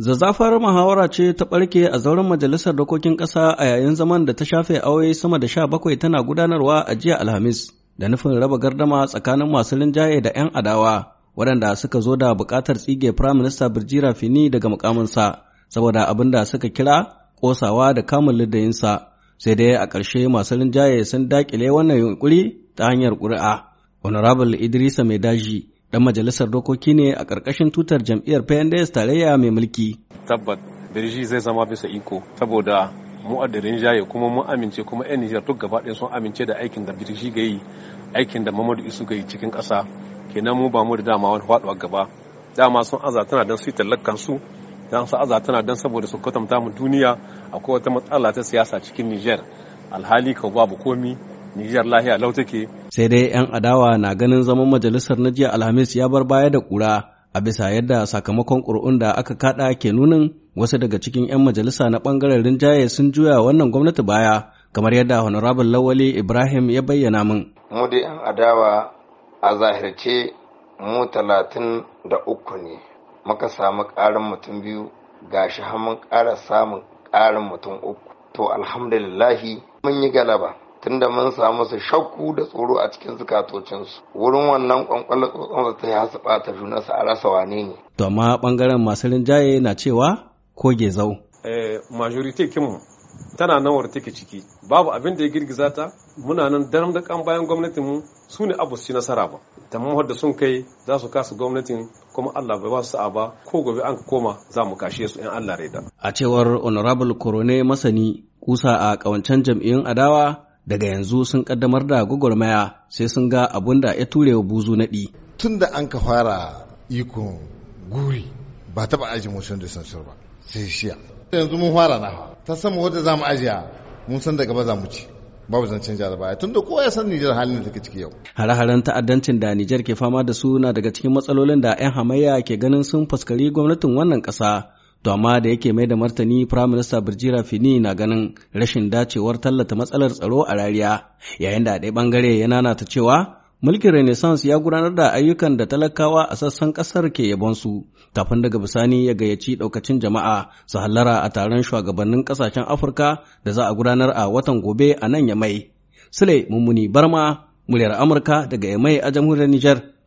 Zazzafar muhawara ce ta ɓarke a zauren Majalisar Dokokin Ƙasa a yayin zaman da ta shafe aure sama da sha bakwai tana gudanarwa a jiya Alhamis, da nufin raba gardama tsakanin masu linjaye da 'yan adawa, waɗanda suka zo da buƙatar tsige Firaminista Birjira Fini daga mukaminsa, saboda abin da suka kira ƙosawa da kamun lidayinsa, sai dai a ƙarshe masu linjaye sun daƙile wannan yunƙuri ta hanyar ƙuri'a. Honorable Idrisa Mai dan majalisar dokoki ne a ƙarƙashin tutar jam'iyyar PNDS tarayya mai mulki. Tabbat, Birji zai zama bisa iko saboda mu a jaye kuma mun amince kuma 'yan Nijar duk gaba ɗaya sun amince da aikin da Birji ga aikin da Mamadu Isu ga cikin ƙasa. Kenan mu ba mu da dama wani faɗuwa gaba. Dama sun aza tana don su yi tallakan su, dan su aza tana don saboda su kwatanta mu duniya akwai wata matsala ta siyasa cikin Nijar. Alhali ka babu komi Nijar lahiya lau take. Sai dai 'yan adawa na ganin zaman majalisar na jiya Alhamis ya bar baya da ƙura a bisa yadda sakamakon ƙuri'un da aka kaɗa ke nunin wasu daga cikin 'yan majalisa na ɓangaren rinjaye sun juya wannan gwamnati baya kamar yadda honorable lawali ibrahim ya bayyana min. mu da 'yan adawa a zahirce mu talatin da uku ne muka samu ƙarin mutum biyu gashi har mun ƙara samun ƙarin mutum uku to alhamdulillahi mun yi galaba tunda mun samu su shakku da tsoro a cikin zukatocinsu wurin wannan kwankwala tsotson ta ya su bata juna su a rasa wane ne to amma bangaren masu rinjaye na cewa ko zau? eh majority tana nan war take ciki babu abin da ya girgiza ta muna nan daram da kan bayan gwamnatin mu su ne abu ci nasara ba mu da sun kai za su kasa gwamnatin kuma Allah bai ba su sa'a ba ko gobe an koma za mu kashe su in Allah da a cewar honorable korone masani kusa a kawancan jam'iyyun adawa daga yanzu sun kaddamar da gwagwarmaya sai sun ga abun da ya ture wa buzu naɗi. Tun da an ka fara ikon guri ba taɓa aji motion da san ba sai shiya. Yanzu mun fara na ta sama wata za mu ajiya mun san daga ba za mu ci. babu zancen jihar baya tun da kowa ya san Nijar halin da take ciki yau. Hare-haren ta'addancin da Nijar ke fama da su na daga cikin matsalolin da 'yan hamayya ke ganin sun fuskari gwamnatin wannan ƙasa To amma da yake mai da martani Prime Minister Birjira Fini na ganin rashin dacewar tallata matsalar tsaro a rariya yayin da a ɗaya ɓangare ya nanata cewa mulkin Renaissance ya gudanar da ayyukan da talakawa a sassan ƙasar ke yabonsu kafin daga bisani ya gayyaci ɗaukacin jama'a su hallara a taron shugabannin ƙasashen Afirka da za a gudanar a watan gobe a nan Yamai. Sule Mummuni Barma, muryar Amurka daga Yamai a jamhuriyar Nijar.